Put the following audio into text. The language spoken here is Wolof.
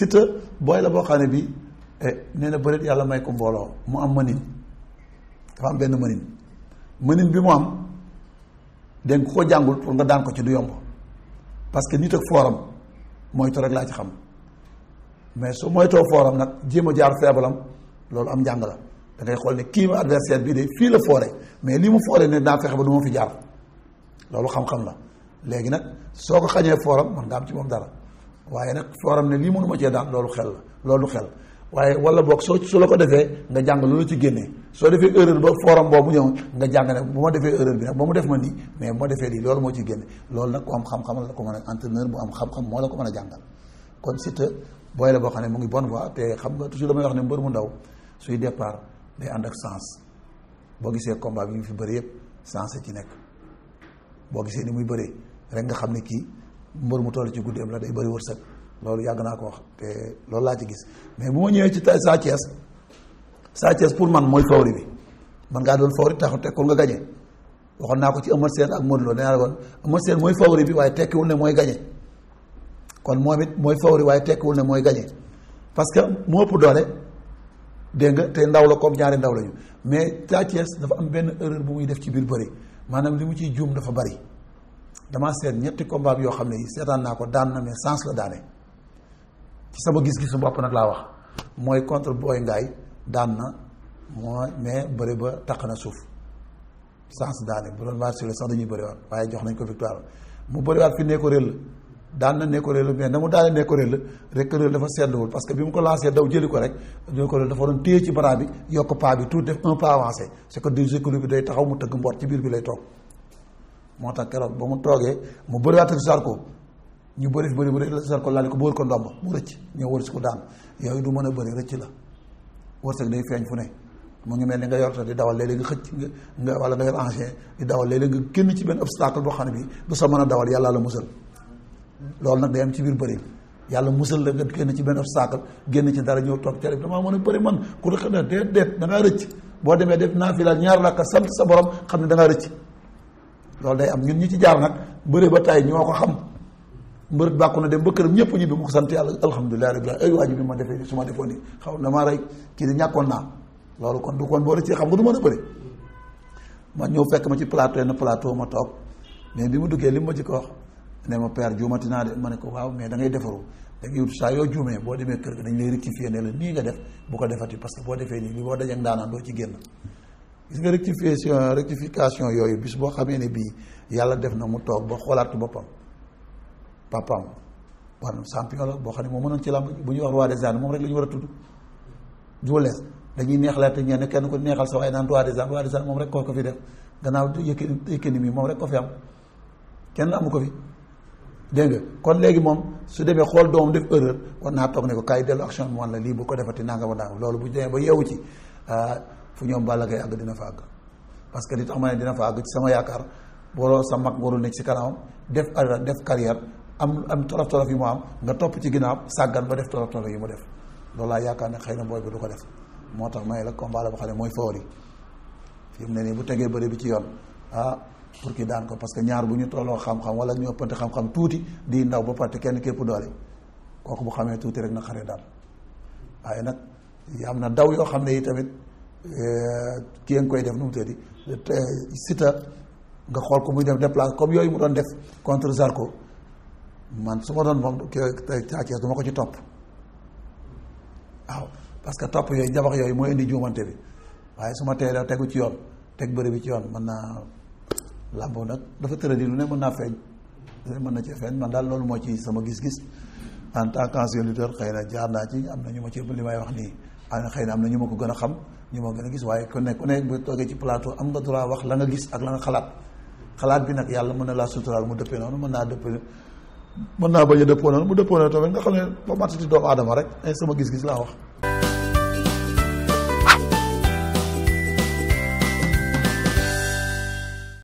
Siteu booy la boo xam ne bii eh, nee na bëreet yàlla may ko mbooloo mu am mënin dafa am benn mënin mënin bi mu am dénk ku ko jàngul pour nga daan ko ci du yomb parce que nit ak fooram moytu rek laa ci xam mais su too fooram nag jéem a jaar feebalam loolu am njàng la da ngay xool ne kii ma adversaire bii de fii la foore mais li mu foore ne naa fexe ba du ma fi jaar loolu xam-xam la léegi nag soo ko xañee fooram man nga am ci moom dara. waaye nag fooram ne lii mënuma cee daan loolu xel la loolu xel waaye wala boog soo su la ko defee nga jàng loolu ci génnee soo defee erreur ba forum mu ñëw nga jàng ne bu ma defee erreur bi nag ba mu def ma nii mais bu ma defee lii loolu moo ci génne loolu nag ku am xam-xam la ko mën a entraîneur bu am xam-xam moo la ko mën a jàngal kon Siteu booy la boo xam ne mu ngi bonne voie te xam nga toujours damay wax ne mbër mu ndaw suy départ day ànd ak sens boo gisee combat bi ñu fi bëri yëpp sens ci nekk boo gisee ni muy bëree rek nga xam ne kii mbër mu toll ci guddeem la day bëri wërsëg loolu yàgg naa ko wax te loolu laa ci gis mais bu ma ñëwee ci Sa Thiès Sa pour man mooy favori bi man ngaa doon favori tax te nga gañe waxoon naa ko ci Eumeu Sène ak Modou Lo nee naa la kon Eumeu mooy favori bi waaye tekkiwul ne mooy gañe kon moom it mooy favori waaye tekkiwul ne mooy gañe parce que moo ëpp doole dégg nga te ndaw la comme ñaari ndaw lañu mais Sa dafa am benn erreur bu muy def ci biir bëri maanaam li mu ciy juum dafa bari damaa seet ñetti combat yoo xam ne yi seetaan naa ko daan na mais sens la daane ci sama gis-gisu bopp nag laa wax mooy contre Boy Ngaay daan na moo mais bëri ba taq na suuf sens daane bu doon waar waaye jox nañ ko victoire mu bëriwaat fi nekko réel daan na nekko réel mais na mu daane nekko réel rek réel dafa seetluwul parce que bi mu ko lancé daw jëli ko rek dafa doon téye ci bras yokk pas bi tout def un pas avancé c'est que du bi day taxaw mu tëgg mboot ci biir bi lay toog moo tax keroog ba mu toogee mu bëri waat sar ko ñu bëri fi bëri bëri sar ko laal ko bëor ko ndomb mu rëcc ñëw wërs ko daan yooyu du mën a bëri rëcc la wërsëg day feeñ fu ne mu ngi mel ni nga yorta di dawal léeg-léeg nga xëcc nga wala nga yor engin di dawal léeg-léeg nga génn ci benn obstacle boo xam ne bi du sa mën a dawal yàlla la musal loolu nag day am ci biir bëri yàlla musal la nga génn ci benn obstacle génn ci dara ñëw toog cere bi damaa mën a bëri man ku rëq da déet déet da ngaa rëcc boo demee def naa fi la ñaar laka sant sa borom xam ne da ngaa rëcc loolu day am ñun ñu ci jaar nag bëre ba tay ñoo ko xam mbërët bàkku na dem ba këram ñëpp ñibbi mu ko sant yàlla alhamdulilah rabbil ay waa bi ma defee su ma defoon ni xaw na maa rey kii di ñàkkoon naa loolu kon kon boo ci xam nga du mën a bëri ma ñëw fekk ma ci plateau yenn plateau ma toog mais bi mu duggee li ma ci ko wax nee ma père juumati naa de ma ne ko waaw mais da ngay defaru da ngay wut saa yoo juumee boo demee kër ga dañ lay rectifier ne la nii nga def bu ko defati parce que boo defee nii li boo dajee ak daanaan doo ci génn gis nga rectification rectification yooyu bis boo xamee ne bii yàlla def na mu toog ba xoolaat boppam papaam maanaam champion la boo xam ne moo na ci làmb bu ñuy wax roi des arènes moom rek la ñu war a tudd Double Less dañuy neexlaate ñenn kenn ko neexal sa waaye naan roi des arènes roi des arènes moom rek koo ko fi def gannaaw yëkkati mi moom rek ko fi am kenn amu ko fi dégg nga kon léegi moom su demee xool doomam def erreur kon naa toog ne ko kaay dellu action bi mu wan la lii bu ko defati nangam nangam loolu bu ñu demee ba yeewu ci ah, fu ñoom Balla Gaye àgg dina fa àgg parce que li tax ma ne dina fa àgg ci sama yaakaar waroo sa mag warul nekk ci kanamam def def carrière am am tolof tolof yi mu am nga topp ci ginnaaw sàggan ba def tolof tolof yi mu def loolu laa yaakaar ne xëy na booy bi du ko def moo tax may la combat la boo xam ne mooy favori fi mu ne nii bu tegee bëri bi ci yoon ah pour ki daan ko parce que ñaar bu ñu tolloo xam-xam wala ñu ëppante xam-xam tuuti di ndaw ba pare kenn képp doole kooku bu xamee tuuti rek na xare daal waaye nag am na yoo xam ne tamit Eh, ki nga koy def nu mu tëddi sita nga xool ko muy def déplacé comme yooyu mu doon def contre Zarko man su ma doon moom Sa Thiès du ma ko ci topp waaw parce que topp yooyu jabax yooyu mooy indi juumante bi waaye su ma teelee tegu ci yoon teg bëri bi ci yoon mën naa làmboo nag dafa tëradi lu ne mën naa feeñ mën na cee feeñ man daal loolu moo ci sama gis-gis en tant qu'ancien lutteur xëy na jaar naa ci am na ñu ma ci li may wax nii xëy na am na ñu ma ko gën a xam ñu moo gën a gis waaye ku nekk ku nekk bu toogee ci plateau am nga droit wax la nga gis ak la nga xalaat xalaat bi nag yàlla mën na laa suturaal mu dëppee noonu mën naa dëppee mën naa bañ a dëppoo noonu mu dëppoo noonu tamit nga xam ne ba matati doomu aadama rek ay eh, sama gis-gis laa wax